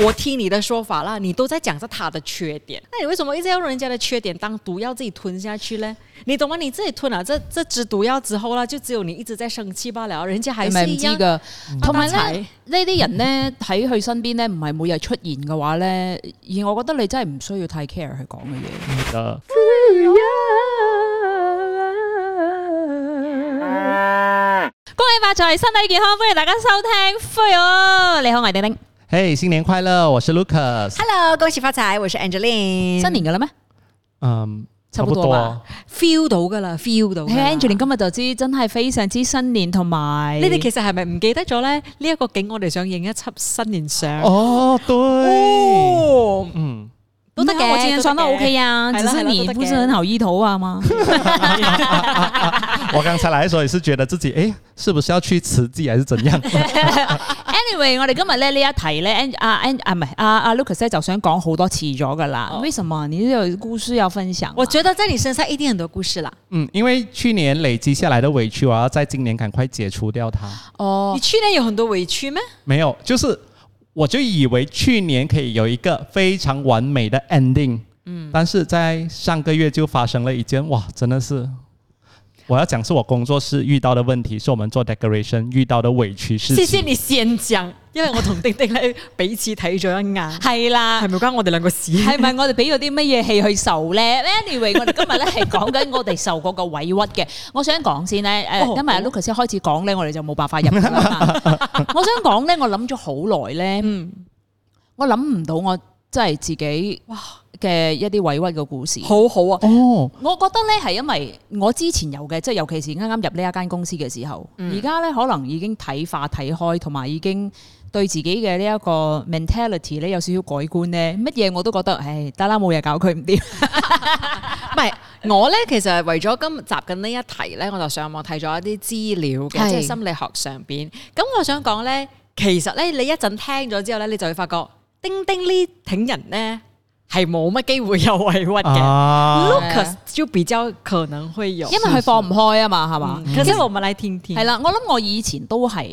我聽你的說法啦，你都在講着他的缺點，那你為什麼一直要用人家的缺點當毒藥自己吞下去呢？你懂嗎？你自己吞下這這支毒藥之後啦，就只有你一直在生氣罷了。人家係唔係唔知噶？同埋咧，嗯、呢啲、嗯、人呢，喺佢身邊呢，唔係每日出現嘅話呢。而我覺得你真係唔需要太 care 佢講嘅嘢。嗯嗯啊啊、恭喜發財，身體健康，歡迎大家收聽。嗯、Fuyoh、你好，我係叮叮。嘿，新年快樂！我是 Lucas。Hello，恭喜發財！我是 Angeline。新年㗎喇咩？嗯，差不多。feel 到㗎喇，feel 到。Angeline 今日就知，真係非常之新年，同埋你哋其實係咪唔記得咗咧？呢一個景我哋想影一輯新年相。哦，對。嗯，都得嘅。我之前穿到 OK 啊，只是你不是很好依頭髮嘛！我剛才嚟嘅時候也是覺得自己，誒，是不是要去辭職還是怎樣？Anyway，我哋今日咧呢一題咧，阿啊，唔係啊，啊 Lucas、啊啊啊啊、就想講好多次咗噶啦。哦、為什麼？你有故事要分享、啊？我覺得在你身上一定很多故事啦。嗯，因為去年累積下來的委屈，我要在今年趕快解除掉它。哦，你去年有很多委屈咩？沒有，就是我就以為去年可以有一個非常完美的 ending。嗯，但是在上個月就發生了一件，哇，真的是。我要講是我工作室遇到嘅問題，是我們做 decoration 遇到的委屈事。謝謝你先講，因為我同丁丁咧彼此睇咗一眼。係啦， 係咪關我哋兩個事，係咪我哋俾咗啲乜嘢氣去受咧？Anyway，我哋今日咧係講緊我哋受過嘅委屈嘅。我想講先咧，誒，今日阿 Lucas 開始講咧，我哋就冇辦法入去啦。 我想講咧、嗯，我諗咗好耐咧，我諗唔到我。即係自己哇嘅一啲委屈嘅故事，好好啊！哦，我覺得咧係因為我之前有嘅，即係尤其是啱啱入呢一間公司嘅時候，而家咧可能已經睇化睇開，同埋已經對自己嘅呢一個 mentality 咧有少少改觀咧，乜嘢我都覺得唉，得啦，冇嘢搞佢唔掂。唔係 我咧，其實係為咗今集緊呢一題咧，我就上網睇咗一啲資料嘅，是即係心理學上邊。咁我想講咧，其實咧你一陣聽咗之後咧，你就會發覺。叮叮呢挺人呢係冇乜機會有委屈嘅，Lucas 就比較可能會有，因為佢放唔開啊嘛，係嘛，因為冇乜拉天天。係啦，我諗我以前都係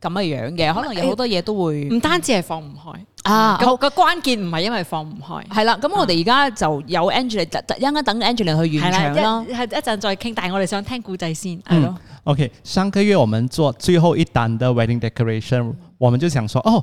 咁嘅樣嘅，可能有好多嘢都會唔單止係放唔開啊。咁個關鍵唔係因為放唔開，係啦。咁我哋而家就有 Angela，一陣間等 Angela 去完場咯，係一陣再傾。但係我哋想聽故仔先，係咯。OK，上個月我們做最後一單的 wedding decoration，我們就想說哦。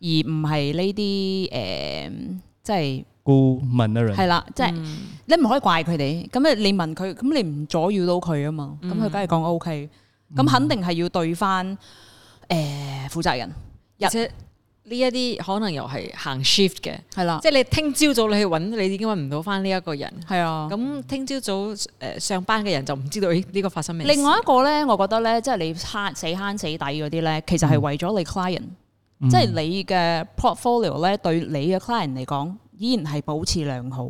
而唔係呢啲誒，即係顧問啊，係啦了，即係、嗯、你唔可以怪佢哋。咁你問佢，咁你唔阻擾到佢啊嘛？咁佢梗係講 O K。咁、OK，嗯、肯定係要對翻誒、呃、負責人，而且呢一啲可能又係行 shift 嘅，係啦了。即係你聽朝早你去揾，你已經揾唔到翻呢一個人。係啊了，咁聽朝早誒上班嘅人就唔知道呢、呢個發生咩。另外一個咧，我覺得咧，即係你慳死慳死底嗰啲咧，其實係為咗你 client。即係你嘅 portfolio 咧，對你嘅 client 嚟講，依然係保持良好。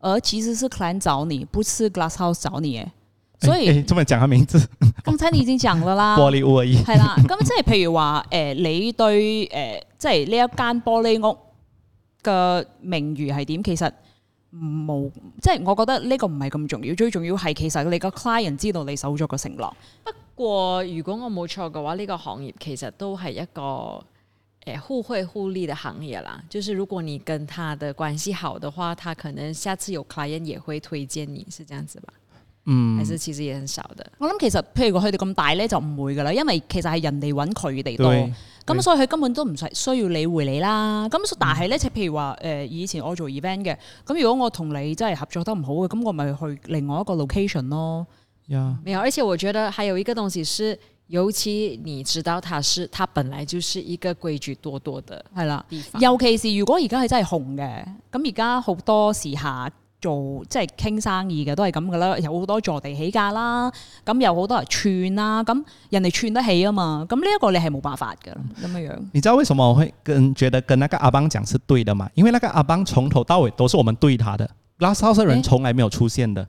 而其實是 client 找你，不是 glasshouse 找你嘅。所以，咁咪講下名字，剛才你已經講咗啦。玻璃屋係啦。咁即係譬如話，誒、呃，你對誒、呃，即係呢一間玻璃屋嘅名譽係點？其實冇，即係我覺得呢個唔係咁重要。最重要係，其實你個 client 知道你守咗個承諾。不過，如果我冇錯嘅話，呢、呢個行業其實都係一個。誒、欸，互惠互利嘅行業啦，就是如果你跟他嘅關係好嘅話，他可能下次有 client 也會推薦你，是這樣子吧？嗯，係、其實其實也很少的。我諗其實譬如佢哋咁大咧，就唔會噶啦，因為其實係人哋搵佢哋多，咁所以佢根本都唔使需要理會你回啦。咁但係咧，就、嗯、譬如話誒、呃，以前我做 event 嘅，咁如果我同你真係合作得唔好嘅，咁我咪去另外一個 location 咯。有 Yeah.、嗯，有？而且我覺得還有一個東西是。尤其你知道他是，他本來就是一個規矩多多的，係啦。尤其是如果而家係真係紅嘅，咁而家好多時下做即係傾生意嘅都係咁噶啦，有好多坐地起價啦，咁有好多人串啦、啊，咁人哋串得起啊嘛，咁呢一個你係冇辦法嘅咁樣樣。你知道為什麼我會跟覺得跟那個阿邦講是對的嘛？因為那個阿邦從頭到尾都是我們對他的，那少數人從來沒有出現的。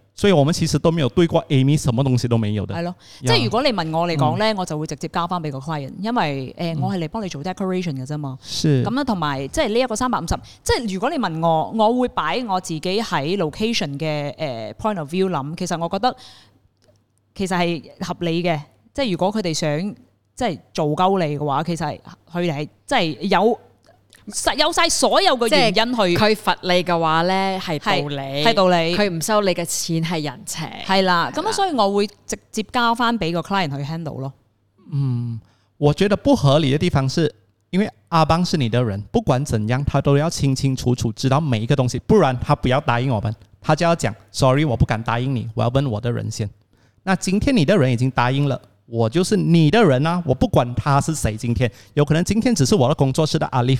所以，我們其實都沒有對過 Amy，什麼東西都沒有的。係咯，yeah，即係如果你問我嚟講咧，嗯、我就會直接交翻俾個 client，因為誒、呃、我係嚟幫你做 decoration 嘅啫嘛。咁樣是，同埋即係呢一個三百五十，即係如果你問我，我會擺我自己喺 location 嘅誒 point of view 諗，其實我覺得其實係合理嘅。即係如果佢哋想即係做夠你嘅話，其實佢哋係即係有。實有晒所有嘅原因去佢罰你嘅話咧係是道理，係道理。佢唔收你嘅錢係人情。係啦，咁啊吧，所以我會直接交翻俾個 client 去 handle 咯。嗯，我覺得不合理嘅地方係因為阿邦是你的人，不管怎樣，他都要清清楚楚知道每一個東西，不然他不要答應我們，他就要講 Sorry，我不敢答應你，我要問我的人先。那今天你的人已經答應了，我就是你的人啊，我不管他是誰，今天有可能今天只是我的工作室的阿 Live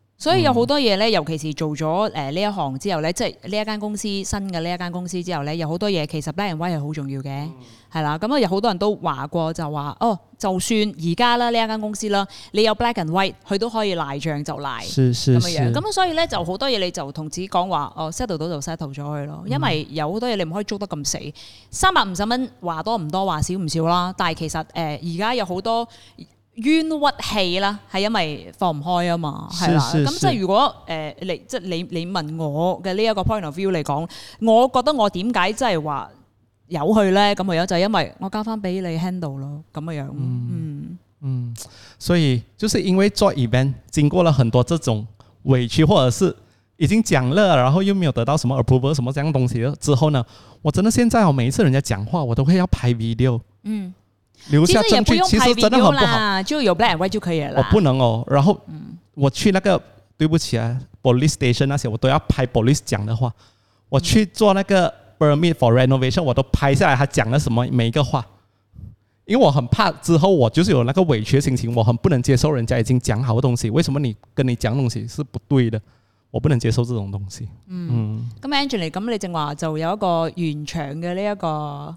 所以有好多嘢咧，尤其是做咗誒呢一行之後咧，即係呢一間公司新嘅呢一間公司之後咧，有好多嘢其實 black and white 係好重要嘅，係啦、嗯。咁啊，有好多人都話過就話哦，就算而家啦呢一間公司啦，你有 black and white，佢都可以賴帳就賴，咁樣是樣。咁所以咧就好多嘢你就同自己講話哦，settle 到就 settle 咗佢咯，因為有好多嘢你唔可以捉得咁死。三百五十蚊話多唔多話少唔少啦，但係其實誒而家有好多。冤屈氣啦，係因為放唔開啊嘛，係是啦。咁即係如果誒、呃，你即係、就是、你你問我嘅呢一個 point of view 嚟講，我覺得我點解即係話有去咧？咁樣就係因為我交翻俾你 handle 咯。咁樣，嗯嗯，嗯。所以，就是因為做 event，經過了很多這種委屈，或者是已經講了，然後又沒有得到什麼 approval，什麼這樣東西之後呢？我真的現在我每一次人家講話，我都會要拍 video。嗯。留下證據其實，其實真的很不好，就有 black white 就可以了。我不能哦，然後我去那個，對不起啊、嗯、police station 那些我都要拍 police 講的話。我去做那個 permit for renovation，我都拍下來，他講了什麼每一個話。因為我很怕之後我就是有那個委屈的心情，我很不能接受人家已經講好的東西，為什麼你跟你講東西是不對的？我不能接受這種東西。嗯，咁 Angeline 咁你正話就有一個現場的呢、這、一個。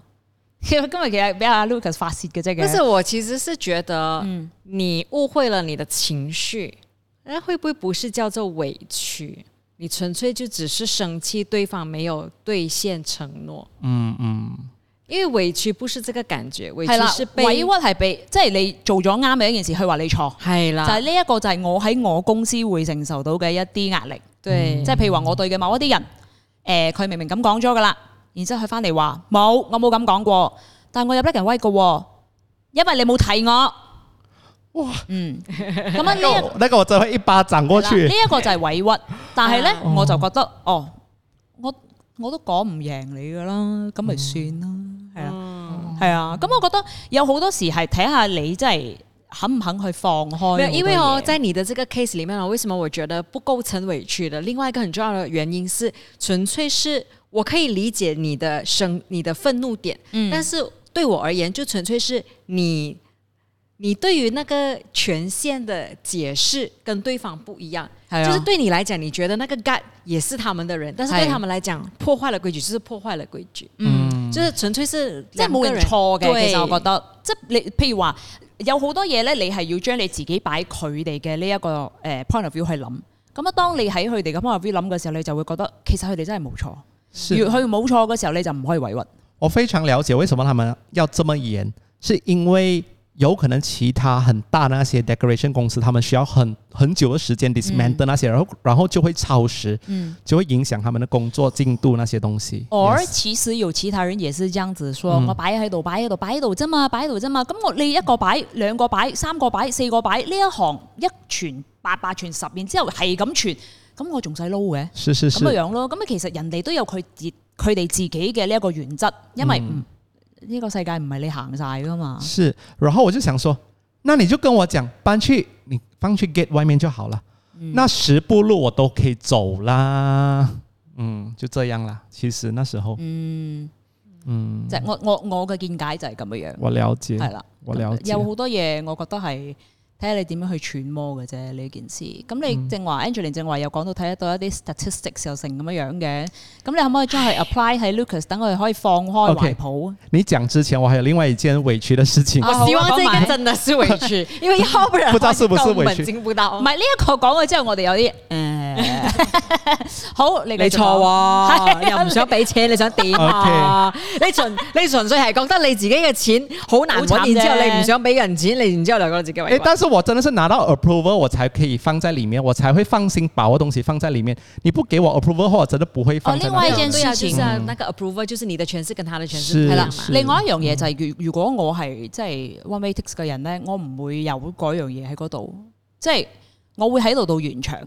今日其實，俾阿 Lucas 發洩嘅啫，但係我其實是覺得，嗯，你誤會了你的情緒，誒、嗯，會不會不是叫做委屈？你純粹就只是生氣對方沒有兌現承諾、嗯。嗯嗯，因為委屈不是這個感覺，委屈係委屈係被，即係你做咗啱嘅一件事，佢話你錯，係啦，就係呢一個就係我喺我公司會承受到嘅一啲壓力，即係、嗯、譬如話我對嘅某一啲人，誒、呃，佢明明咁講咗噶啦。然之後佢翻嚟話冇，我冇咁講過，但係我有俾人威嘅喎、哦，因為你冇提我。哇，嗯，咁樣呢一個，呢就可以一巴掌過去。呢一、這個就係委屈， 但係咧、啊、我就覺得，哦，我我都講唔贏你噶啦，咁咪算啦，係、嗯嗯、啊，係、嗯、啊。咁我覺得有好多時係睇下你真係肯唔肯去放開。因為我 Jenny 呢個 case 裡面，我為什麼我覺得不構成委屈的？另外一個很重要的原因是，純粹是。我可以理解你的生你的憤怒點，嗯、但是對我而言就純粹是你，你對於那個權限的解釋跟對方不一樣，是哦、就是對你來講你覺得那個 guard 也是他們的人，但是對他們來講是破壞了規矩就是破壞了規矩，嗯，即係純粹是即係冇人錯嘅，對其實我覺得即係你譬如話有好多嘢咧，你係要將你自己擺佢哋嘅呢一個誒、uh, point of view 去諗，咁啊當你喺佢哋嘅 point of view 諗嘅時候，你就會覺得其實佢哋真係冇錯。越去冇錯嘅時候，你就唔可以委屈。我非常了解，為什麼他們要這麼嚴，是因為有可能其他很大那些 decoration 公司，他們需要很很久嘅時間 dismantle 那些，嗯、然後然後就會超時，嗯，就會影響他們的工作進度那些東西。而、嗯、Yes 其實有其他人也是這樣子說，說我擺喺度，擺喺度，擺喺度啫嘛，擺喺度啫嘛。咁我你一個擺，兩個擺，三個擺，四個擺，呢一行一傳八，八傳十，然之後係咁傳。咁我仲使撈嘅，咁樣咯。咁、嗯、啊，其實人哋都有佢自佢哋自己嘅呢一個原則，因為唔呢個世界唔係你行晒噶嘛。是，然後我就想說，那你就跟我講，搬去你翻去 get 外面就好了，嗯、那十步路我都可以走啦。嗯，就這樣啦。其實那時候，嗯嗯，即係我我我嘅見解就係咁嘅樣。我了解，係啦了，我了解。有好多嘢，我覺得係。你點樣去揣摩嘅啫？呢件事咁你正話 Angeline 正話又講到睇得到一啲 statistics 又成咁樣樣嘅，咁你可唔可以將佢 apply 喺唉 Lucas 等佢可以放開懷抱？Okay. 你講之前我還有另外一件委屈嘅事情。哦、我希望呢個真的是委屈， 因為要不然我唔知唔係呢一個講咗之後，我哋有啲嗯。好，你你錯喎，你又唔想俾錢，你想點啊？你純你純粹係覺得你自己嘅錢好難搵，我然之後你唔想俾人錢，你然之後就覺得自己誒。但是我真的是拿到 approval，我才可以放在裏面，我才會放心把我東西放在裏面。你不給我 approval，我真的不會放。另外一件事情，就是那個 approval，就是你的權勢跟他的權勢。另外一樣嘢就係，如果我係即係 one Matrix 嘅人咧，我唔會有嗰樣嘢喺嗰度，即係我會喺度到完場。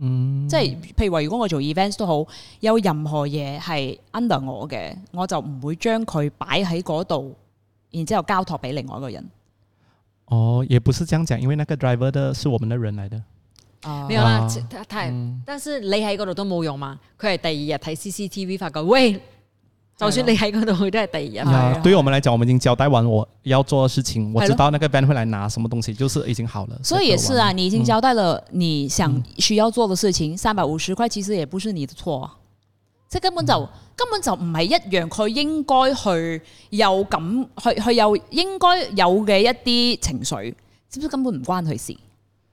嗯、即係，譬如話，如果我做 events 都好，有任何嘢係 under 我嘅，我就唔會將佢擺喺嗰度，然之後交託俾另外一個人。哦，也不是這樣講，因為那個 driver 的是我們的人來的。哦，明白。啦、啊，他但是你喺嗰度都冇用嘛，佢係第二日睇 CCTV 發覺喂。就算你喺度個都待第一人，對，對於我們來講，我們已經交代完我要做的事情，我知道那個 band 會來拿什麼東西，就是已經好了。所以也是啊，嗯、你已經交代了你想需要做的事情，三百五十塊其實也不是你的錯，即根本就、嗯、根本就唔係一樣，佢應該去有咁，去，佢又應該有嘅一啲情緒，知唔知根本唔關佢事？嗯、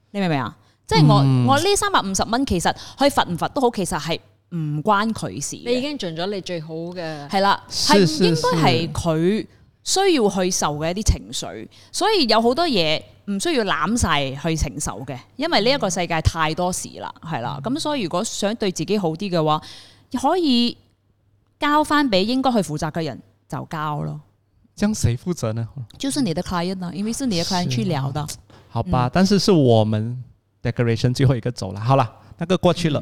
你明唔明啊？即、嗯、我我呢三百五十蚊，其實佢罰唔罰都好，其實係。唔關佢事，你已經盡咗你最好嘅係啦，係應該係佢需要去受嘅一啲情緒，所以有好多嘢唔需要攬晒去承受嘅，因為呢一個世界太多事啦，係啦，咁所以如果想對自己好啲嘅話，可以交翻俾應該去負責嘅人就交咯。將誰負責呢？就是你的 client 啊，因為是你的 client 去聊的，好吧？但是是我們 decoration 最後一個走了，好了，那個過去了。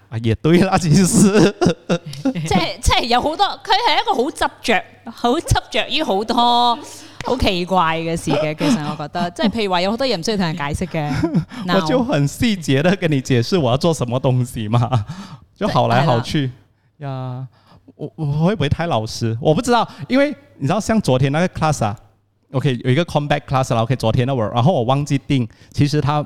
也對啦，其實是，即係即係有好多，佢係一個好執著，好執著於好多好奇怪嘅事嘅。其實我覺得，即係譬如話有好多嘢唔需要同人解釋嘅。Now, 我就很細節的跟你解釋我要做什麼東西嘛，就好來好去。呀了，我我會不會太老實？我不知道，因為你知道，像昨天那個 class 啊，OK，有一個 combat class 啦，OK，昨天那晚，然後我忘記定，其實他。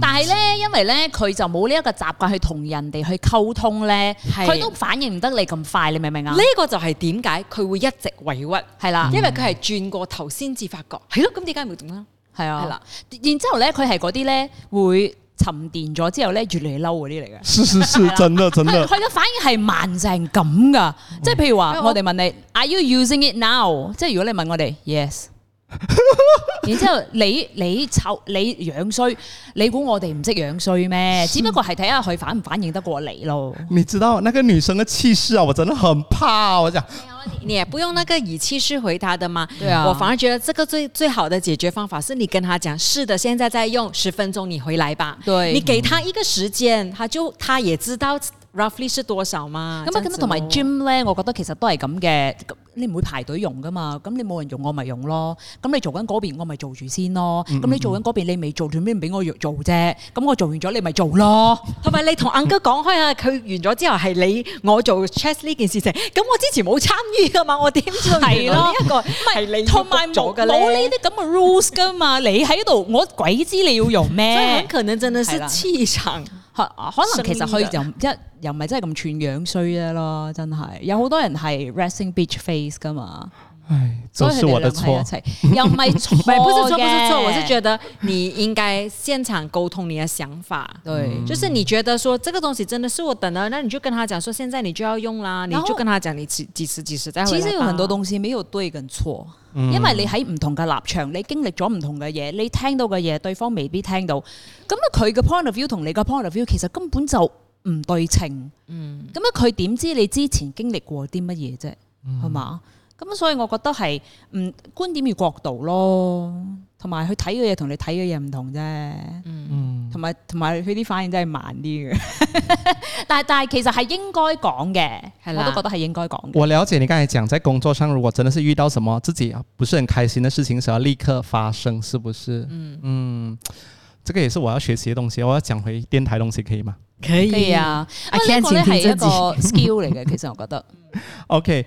但係咧，因為咧佢就冇呢一個習慣去同人哋去溝通咧，佢是都反應唔得你咁快，你明唔明啊？呢個就係點解佢會一直委屈係啦？嗯、因為佢係轉過頭先至發覺，係咯、嗯，咁點解唔會點啊？係啊，然後呢呢之後咧，佢係嗰啲咧會沉澱咗之後咧越嚟越嬲嗰啲嚟嘅，是真佢嘅反應係慢成咁噶，即係譬如話、嗯、我哋問你，Are you using it now？即係、就是、如果你問我哋，Yes。然之後你你醜你樣衰，你估我哋唔識樣衰咩？只不過係睇下佢反唔反應得過嚟咯。 你知道那個女生嘅氣勢啊，我真的很怕，啊。我講，你也不用那個語氣式回答的嘛。對啊，我反而覺得這個最最好的解決方法，是你跟他講是的，現在再用十分鐘，你回來吧。對，你給她一個時間，她就她也知道。Roughly shoot 到個嘛，咁啊咁同埋 gym 咧，我覺得其實都係咁嘅，你唔會排隊用噶嘛，咁你冇人用我咪用咯，咁你做緊嗰邊我咪做住先咯，咁、嗯嗯嗯、你做緊嗰邊你未做，做咩唔俾我做啫？咁我做完咗你咪做咯。同埋 你同阿哥講開啊，佢 完咗之後係你我做 chess 呢件事情，咁我之前冇參與噶嘛，我點知道？係咯，唔係同埋冇呢啲咁嘅 rules 噶嘛， 你喺度我鬼知你要用咩？所以可能真係。黐可能其實佢就一又唔係真係咁串樣衰啫咯，真係有好多人係 resting beach face 噶嘛。唉，總、就是我的錯，要買錯， 不是錯，不是錯。我是覺得你應該現場溝通你嘅想法，對，就是你覺得說這個東西真的是我等的，那你就跟他講說，現在你就要用啦，後你就跟他講，你幾幾時幾時再。其實有很多東西沒有對跟錯，嗯、因為你喺唔同嘅立場，你經歷咗唔同嘅嘢，你聽到嘅嘢，對方未必聽到。咁啊，佢嘅 point of view 同你嘅 point of view 其實根本就唔對稱。嗯，咁啊，佢點知你之前經歷過啲乜嘢啫？係嘛、嗯？好。咁、嗯、所以我覺得係，嗯，觀點與角度咯，同埋去睇嘅嘢同你睇嘅嘢唔同啫。嗯，同埋同埋佢啲反應真係慢啲嘅。但係但係其實係應該講嘅，啦我都覺得係應該講嘅。我了解你剛才講，在工作上如果真的是遇到什麼自己不是很開心的事情時，要立刻發生，是不是？嗯嗯，這個也是我要學習嘅東西。我要講回電台東西，可以嗎？可以。可以啊。因為呢個係一個 skill 嚟嘅，can 其實我覺得。 OK。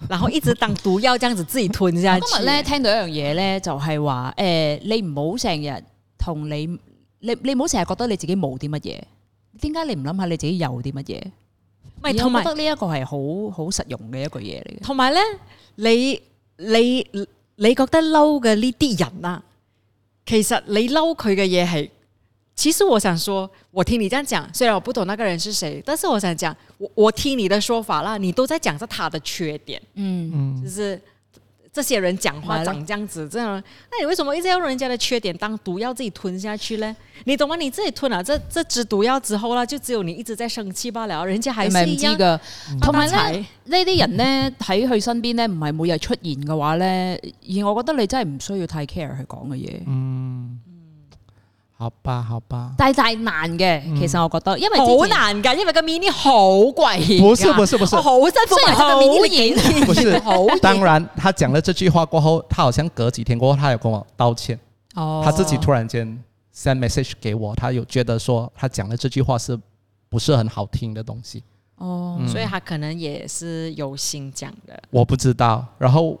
然後一直當毒藥，這就自己吞下去。今日咧聽到一樣嘢咧，就係、是、話，誒、呃，你唔好成日同你你你唔好成日覺得你自己冇啲乜嘢，點解你唔諗下你自己有啲乜嘢？同埋、哎、我覺得呢一個係好好實用嘅一個嘢嚟嘅。同埋咧，你你你覺得嬲嘅呢啲人啊，其實你嬲佢嘅嘢係。其實我想說，我聽你這樣講，雖然我不懂那個人是誰，但是我想講，我我聽你的說法啦，你都在講着他的缺點，嗯，嗯，就是這些人講話長這樣子，這樣，那了你為什麼一直要人家的缺點當毒藥自己吞下去呢？你懂嗎？你自己吞了、啊、這這隻毒藥之後啦，就只有你一直在生氣罷了，人家還是一樣的。同埋那那啲人呢，喺佢身邊呢，唔係每日出現嘅話呢。而我覺得你真係唔需要太 care 佢講嘅嘢。嗯。好吧，好吧，就係難嘅，其實我覺得，因為好難㗎，因為個 mini 好怪，不是，不是，不是，好辛苦，雖然個 mini 好嚴，不是，當然，他講了這句話過後，他好像隔幾天過後，他有跟我道歉，他自己突然間 send message 給我，他有覺得說，他講的這句話是不是很好聽的東西，哦，所以他可能也是有心講的，我不知道，然後。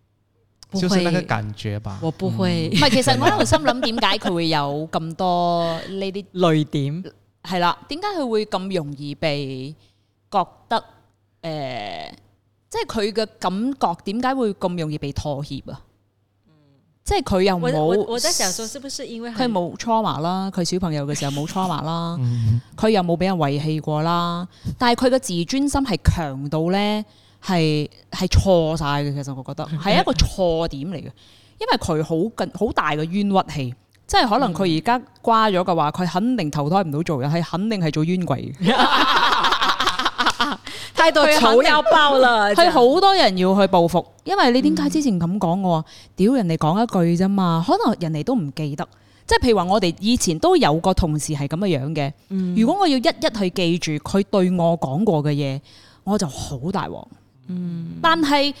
就是那個感覺吧，我不會。唔係、嗯，其實我喺度心諗，點解佢會有咁多呢啲淚點？係啦，點解佢會咁容易被覺得？誒、呃，即係佢嘅感覺，點解會咁容易被妥協啊？嗯、即係佢又冇，我在想，說是不是因為佢冇 trauma 啦？佢小朋友嘅時候冇 trauma 啦，佢又冇俾人遺棄過啦。但係佢嘅自尊心係強到咧。係係錯晒嘅，其實我覺得係一個錯點嚟嘅，因為佢好勁好大嘅冤屈氣，即係可能佢而家瓜咗嘅話，佢肯定投胎唔到做人，係肯定係做冤鬼嘅。 態度好有包啦，係好多人要去報復，嗯、因為你點解之前咁講我？屌人哋講一句啫嘛，可能人哋都唔記得。即係譬如話我哋以前都有個同事係咁嘅樣嘅，如果我要一一去記住佢對我講過嘅嘢，我就好大鑊。嗯，但係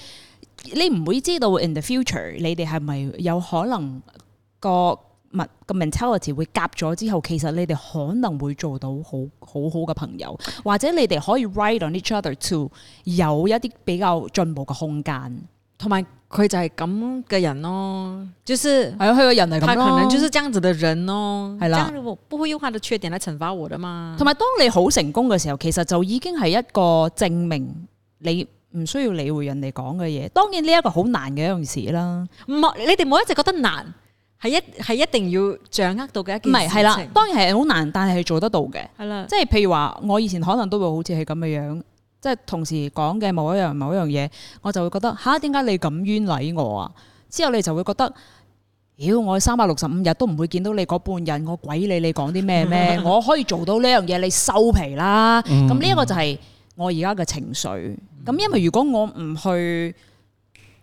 你唔會知道 in the future 你哋係咪有可能個物個 mentality 會夾咗之後，其實你哋可能會做到好好好嘅朋友，或者你哋可以 ride on each other too 有一啲比較進步嘅空間，同埋佢就係咁嘅人咯，就是係啊，佢個人係咁咯，佢可能就是這樣子嘅人咯，係啦，我唔會用佢嘅缺點嚟懲罰我啊嘛，同埋當你好成功嘅時候，其實就已經係一個證明你。唔需要理會人哋講嘅嘢，當然呢一個好難嘅一樣事啦。唔，你哋冇一直覺得難，係一係一定要掌握到嘅一件事，係啦。當然係好難，但係係做得到嘅。係啦了，即係譬如話，我以前可能都會好似係咁嘅樣，即係同時講嘅某一樣某一樣嘢，我就會覺得吓，點解你咁冤禮我啊？之後你就會覺得，妖，我三百六十五日都唔會見到你嗰半日，我鬼理你講啲咩咩， 我可以做到呢樣嘢，你收皮啦。咁呢一個就係我而家嘅情緒。咁因為如果我唔去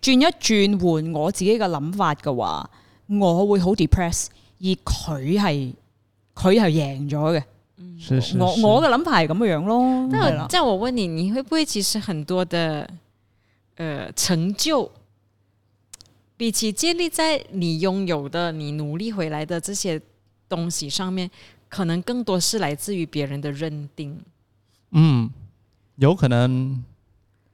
轉一轉換我自己嘅諗法嘅話，我會好 depress，而佢係佢係贏咗嘅是。我我嘅諗法係咁樣咯。但係那，即係啦我問你，你會不會其實很多嘅誒、呃、成就，比起建立在你擁有的、你努力回來的這些東西上面，可能更多是來自於別人的認定。嗯，有可能。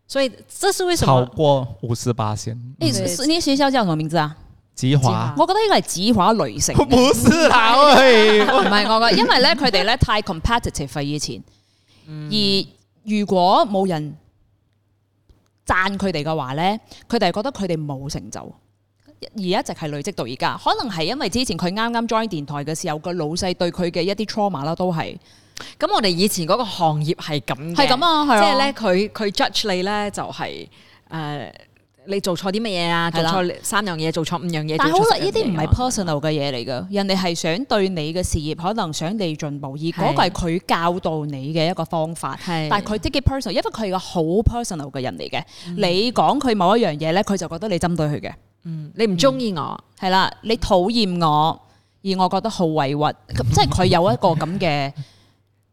所以這是為什麼？超過五十八線。你、欸、你學校叫什麼名字啊？吉華。我覺得呢個係吉華雷成。不是啊，我唔係我個，因為咧佢哋咧太 competitive 啦，以前。 而如果冇人讚佢哋嘅話咧，佢哋覺得佢哋冇成就，而一直係累積到而家。可能係因為之前佢啱啱 join 電台嘅時候，個老細對佢嘅一啲 trauma 啦都係。咁我哋以前嗰個行業係咁嘅，係咁啊，即係咧佢佢 judge 你咧就係誒你做錯啲乜嘢啊？做錯三樣嘢，做錯五樣嘢。但係好啦，呢啲唔係 personal 嘅嘢嚟噶，人哋係想對你嘅事業可能想你進步，而嗰個係佢教導你嘅一個方法。但係佢 take it personal，因為佢係個好 personal 嘅人嚟嘅。你講佢某一樣嘢咧，佢就覺得你針對佢嘅。嗯，你唔中意我係啦，你討厭我，而我覺得好委屈，即係佢有一個咁嘅。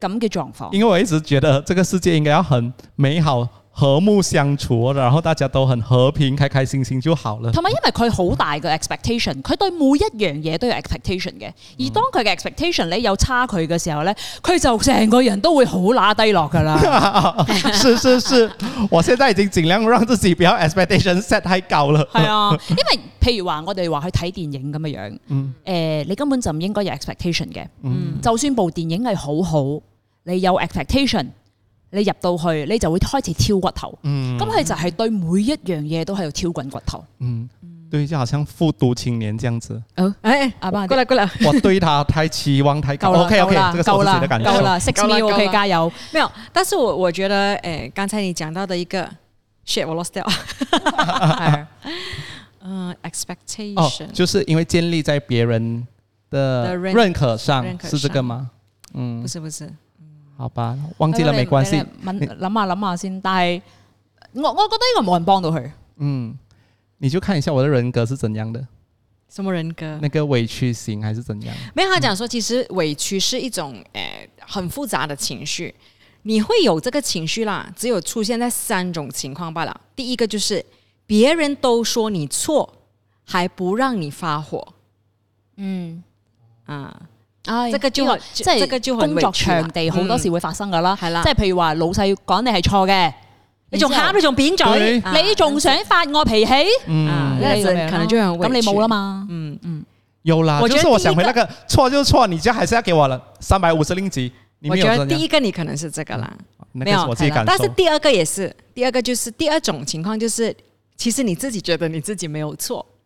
咁嘅狀況，因為我一直覺得這個世界應該要很美好、和睦相處，然後大家都很和平、開開心心就好了。同埋，因為佢好大嘅 expectation，佢對每一樣嘢都有 expectation 嘅。而當佢嘅 expectation 你有差距嘅時候咧，佢就成個人都會好乸低落噶啦。 是是是， 我現在已經盡量讓自己不要 expectation set 太高了。係啊，因為譬如話我哋話去睇電影咁嘅樣，誒、嗯呃，你根本就唔應該有 expectation 嘅。嗯，就算部電影係好好。你有 expectation，你入到去，你就會開始挑骨頭。嗯，咁佢就係對每一樣嘢都喺度挑滾骨頭。嗯，對，即係好像「復讀青年」這樣子。好，誒，阿爸，過嚟過嚟。我對他太期望太高。OK OK，夠啦，夠啦，夠啦。Six 秒 OK，加油。冇，但是我我覺得，誒，剛才你講到的一個 shit，我 lost 掉。嗯，expectation，就是因為建立在別人的認可上，是這個嗎？嗯，不是，不是。好吧，忘記了沒關係。諗下諗下先，但係我我覺得應該冇人幫到佢。嗯，你就看一下我的人格是怎樣的，什麼人格？那個委屈型還是怎樣？沒有他講說，其實委屈是一種誒、呃，很複雜的情緒。你會有這個情緒啦，只有出現在三種情況罷了。第一個就是別人都說你錯，還不讓你發火。嗯，啊。即係招害，即係工作場地好多時會發生噶啦，係啦。即係譬如話老細講你係錯嘅，你仲喊你仲扁嘴，你仲想發我脾氣？嗯，咁你冇啦嘛。嗯嗯，有啦。我覺得我想回那個錯就錯，你就還是要給我啦三百五十令吉。我覺得第一個你可能是這個啦，沒有，但是第二個也是，第二個就是第二種情況就是，其實你自己覺得你自己沒有錯。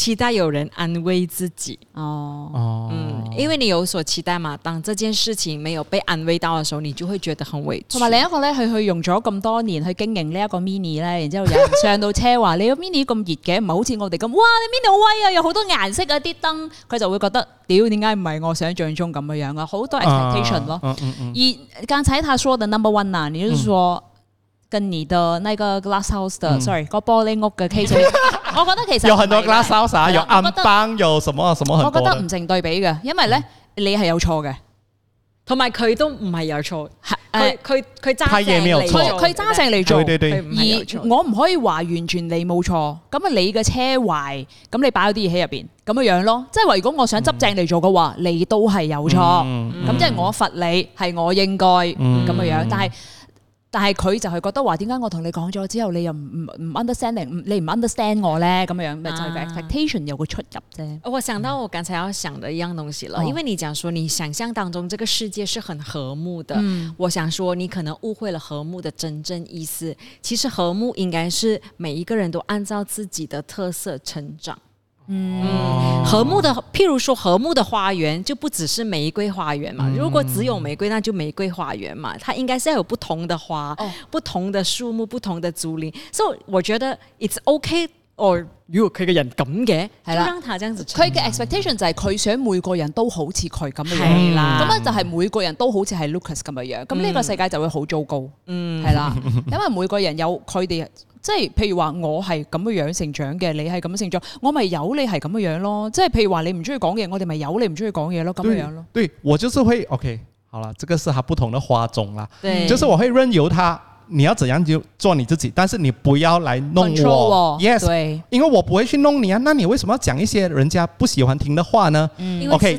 期待有人安慰自己哦，嗯，因為你有所期待嘛，當這件事情沒有被安慰到嘅時候，你就會覺得很委屈。同埋另一個咧，佢去用咗咁多年去經營呢一個 mini 咧，然之後又上到車話， 你個 mini 咁熱嘅，唔係好似我哋咁，哇，你 mini 好威啊，有好多顏色嗰啲燈，佢就會覺得，屌，點解唔係我想象中咁嘅樣啊？好多 expectation 咯。啊啊嗯嗯，而剛才他說的 number one 啊，你就說跟你的那個 glass house 的，嗯，sorry，個玻璃屋嘅 case。 我覺得其實，我覺得唔成對比嘅，因為咧你係有錯嘅，同埋佢都唔係有錯。係誒佢佢揸，佢佢揸正嚟做。對對對。而我唔可以話完全你冇錯，咁啊你嘅車壞，咁你擺嗰啲嘢喺入邊，咁嘅樣咯。即係話如果我想執正嚟做嘅話，你都係有錯。咁即係我罰你係我應該咁嘅樣，但係。但係佢就係覺得話點解我同你講咗之後，你又唔唔 understanding，你唔 understand 我咧，咁樣，咪、嗯啊、就係 expectation 有個出入啫。我想到我剛才要想的一樣東西啦，嗯、因為你講說你想象當中這個世界是很和睦的，哦、我想說你可能誤會了和睦的真正意思。其實和睦應該是每一個人都按照自己的特色成長。Mm. 嗯，和睦的，譬如說和睦的花園就不只是玫瑰花園嘛。Mm. 如果只有玫瑰，那就玫瑰花園嘛。它應該是要有不同的花、oh. 不同的樹木、不同的竹林。所、so, 以我覺得 it's OK。哦，如果佢嘅人咁嘅，啦就讓佢嘅的 expectation 棒就係佢想每個人都好似佢咁樣，係啦。咁樣就係每個人都好似係 Lucas 咁嘅樣，咁呢、mm. 個世界就會好糟糕。嗯，係啦，因為每個人有佢哋。即係譬如話我係咁嘅樣成長嘅，你係咁樣成長，我咪有你係咁嘅樣咯。即係譬如你話你唔中意講嘢，我哋咪有你唔中意講嘢咯，咁樣樣咯。對，我就是會，OK，好啦，這個是它不同嘅花種啦。對，就是我會任由他，你要怎樣就做你自己，但是你不要來弄我。哦、yes，對，因為我不會去弄你啊，那你為什麼要講一些人家不喜歡聽的話呢？嗯，因為是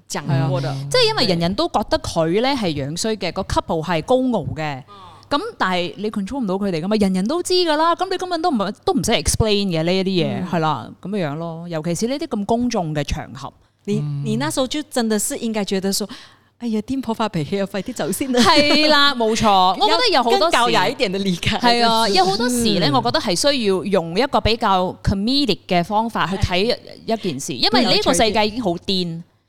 啊、即係因為人人都覺得佢咧係樣衰嘅，對個 couple 係高傲嘅。咁、嗯、但係你 control 唔到佢哋噶嘛？人人都知噶啦，咁你根本都唔都唔使 explain 嘅呢一啲嘢係啦，咁樣、嗯啊、樣咯。尤其是呢啲咁公眾嘅場合，嗯、你你那時候真的是應該覺得說，哎呀，癲婆發脾氣啊，快啲走先啦。係啦，冇錯。 有我覺得有好多教廿一理解。係啊，有好多時咧，嗯、我覺得係需要用一個比較 comedic 嘅方法去睇一件事，因為呢個世界已經好癲。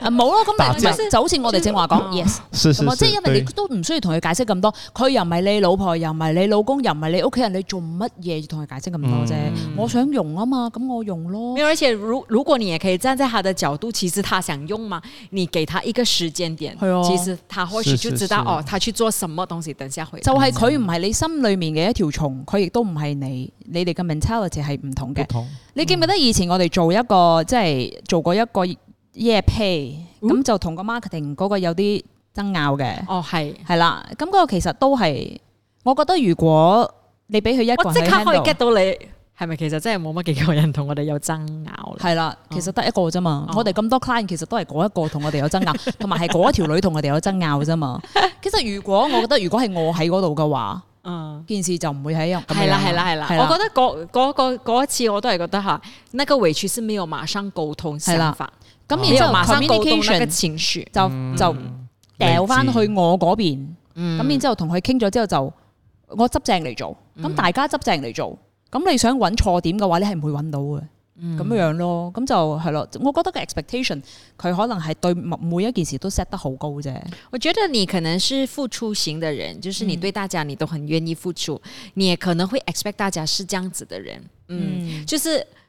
啊冇咯，咁咪就好似我哋正話講 yes，即係因為你都唔需要同佢解釋咁多，佢又唔係你老婆，又唔係你老公，又唔係你屋企人，你做乜嘢要同佢解釋咁多啫？我想用啊嘛，咁我用咯。而且如如果你也可以站在他的角度，其實他想用嘛，你給他一個時間點，其實他開始就知道哦，他去做什麼東西，等下佢就係佢唔係你心裏面嘅一條蟲，佢亦都唔係你，你哋嘅 mentality 係唔同嘅。你記唔記得以前我哋做一個即係做過一個？Yeah pay 咁就同個 marketing 嗰個有啲爭拗嘅。哦，係係啦，咁嗰個其實都係，我覺得如果你俾佢一個即刻可以 get 到你，係咪其實真係冇乜幾個人同我哋有爭拗？係啦，其實得一個啫嘛。我哋咁多 client 其實都係嗰一個同我哋有爭拗，同埋係嗰一條女同我哋有爭拗啫嘛。其實如果我覺得如果係我喺嗰度嘅話，件事就唔會喺咁樣。係啦，係啦，係啦。我覺得嗰個嗰一次我都係覺得嚇，那個委屈是沒有馬上溝通想法。咁然之後，前面嘅情緒就就掉翻去我嗰邊。咁然之後，同佢傾咗之後，就我執正嚟做。咁大家執正嚟做，咁你想搵錯點嘅話，你係唔會搵到嘅。咁樣咯，咁就係咯。我覺得個 expectation，佢可能係對每一件事都 set 得好高啫。我覺得你可能是付出型嘅人，就是你對大家你都很願意付出，你也可能會 expect 大家是這樣子嘅人。嗯，就是。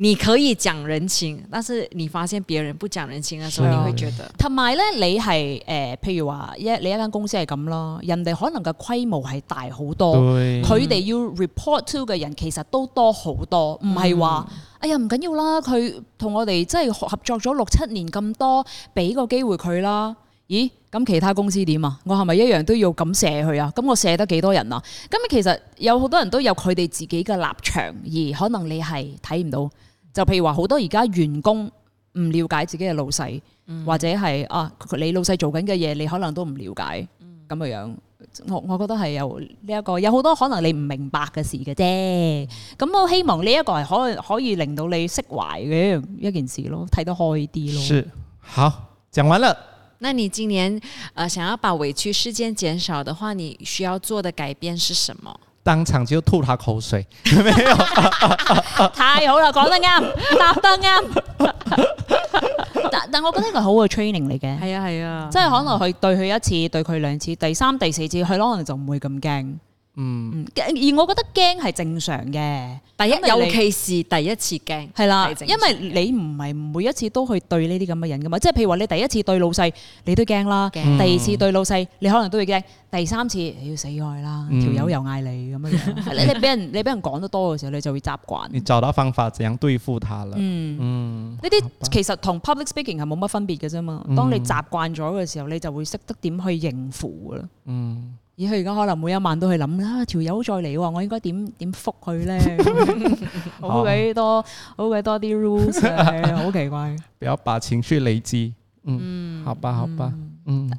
你可以講人情，但是你發現別人不講人情嘅時候，你會覺得。同埋咧，你係誒、呃、譬如話，你一你一間公司係咁咯，人哋可能嘅規模係大好多，佢哋對要 report to 嘅人其實都多好多，唔、嗯哎、係話，哎呀唔緊要啦，佢同我哋真係合作咗六七年咁多，俾個機會佢啦。咦？咁其他公司點啊？我係咪一樣都要咁射佢啊？咁我射得幾多人啊？咁啊，其實有好多人都有佢哋自己嘅立場，而可能你係睇唔到。就譬如話好多而家員工唔了解自己嘅老細，嗯、或者係啊你老細做緊嘅嘢，你可能都唔了解咁嘅、嗯、樣。我我覺得係有呢、這、一個，有好多可能你唔明白嘅事嘅啫。咁、嗯、我希望呢一個係可可以令到你釋懷嘅一件事咯，睇得開啲咯。是好，講完了。那你今年誒、呃，想要把委屈事件減少的話，你需要做的改變是什麼？當場就吐他口水， 太好啦，講得啱，答得啱。但 但我覺得係好個 training 嚟嘅，係啊係啊，啊即係可能佢對佢一次， 對佢兩次，第三第四次佢可能就唔會咁驚。嗯，而我覺得驚係正常嘅，第一尤其是第一次驚係啦，因為你唔係每一次都去對呢啲咁嘅人噶嘛，即係譬如話你第一次對老細，你都驚啦；怕第二次對老細，你可能都會驚；第三次，你要死開啦，嗯、條友又嗌你咁樣。你你俾人你俾人講得多嘅時候，你就會習慣。你找到方法，點樣對付他啦。嗯嗯，呢啲、嗯、其實同 public speaking 係冇乜分別嘅啫嘛。當你習慣咗嘅時候，你就會識得點去應付啦。嗯。而佢而家可能每一晚都去諗啦、啊，條友再嚟喎，我應該點點覆佢咧？呢 好鬼多好鬼、啊、多啲 rules，好 奇怪。不要把情緒累積，嗯，嗯好吧，好吧，嗯。嗯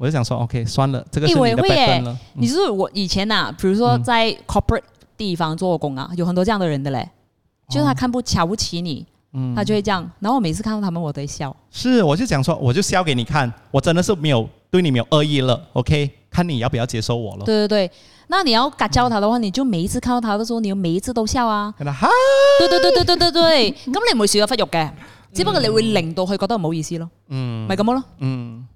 我就想說，OK，算了，這個是我已經你是、欸欸、我以前啊，比如說在 corporate 地方做工啊，嗯、有很多這樣的人的咧，就他看不瞧不起你，嗯，他就會這樣。然後我每次看到他們，我都笑。是，我就想說，我就笑給你看，我真的是沒有對你沒有惡意了，OK，看你要不要接受我了。對對對，那你要教他的話，你就每一次看到他的時候，你每一次都笑啊。對對對對對對對，咁 你唔會少咗骨肉嘅，嗯、只不過你會令到佢覺得唔好意思咯。嗯，咪咁樣咯。嗯。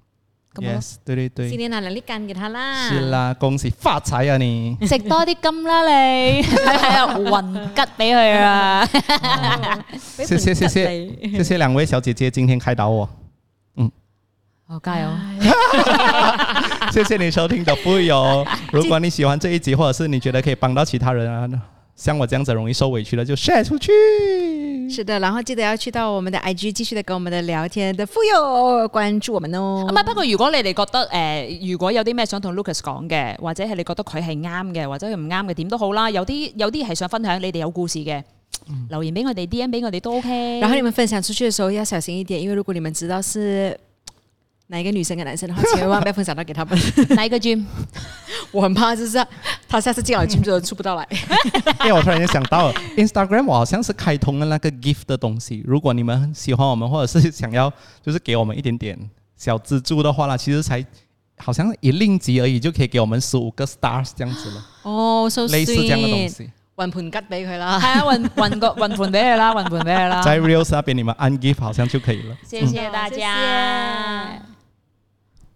yes，對對對，是你嗱兩粒桔俾佢啦，是啦，恭喜發財啊你，食 多啲金啦你，係 啊，運吉俾佢啊，謝謝謝謝謝謝兩位小姐姐，今天開導我，嗯，好、哦、加油！謝謝你收聽《的富有、哦》，如果你喜歡這一集，或者是你覺得可以幫到其他人、啊，像我這樣子容易受委屈的，就 share 出去。是的，然後記得要去到我們的 IG，繼續的跟我們的聊天的 FUYOH 關注我們哦。啊，不過如果你哋覺得誒、呃，如果有啲咩想同 Lucas 講嘅，或者係你覺得佢係啱嘅，或者佢唔啱嘅，點都好啦。有啲有啲係想分享，你哋有故事嘅留言俾我哋，DM 俾我哋都 OK。然後你們分享出去嘅時候要小心一點，因為如果你們知道是。哪一個女生跟男生的話，千萬不要分享到給他們。 哪一個 gym 我很怕就是他下次進來 gym 就出不到來。哎、 欸，我突然間想到了，Instagram 了我好像是開通了那個 gift 的東西。如果你們喜歡我們，或者是想要就是給我們一點點小資助的話啦，其實才好像一令吉而已就可以給我們十五個 star 這樣子了。哦，so、類似這樣的東西，雲盤給俾佢啦，係啊，雲雲個雲盤俾佢啦，雲盆俾佢啦， 在 Reels 那邊你們按 gift 好像就可以了。謝謝大家。嗯，謝謝。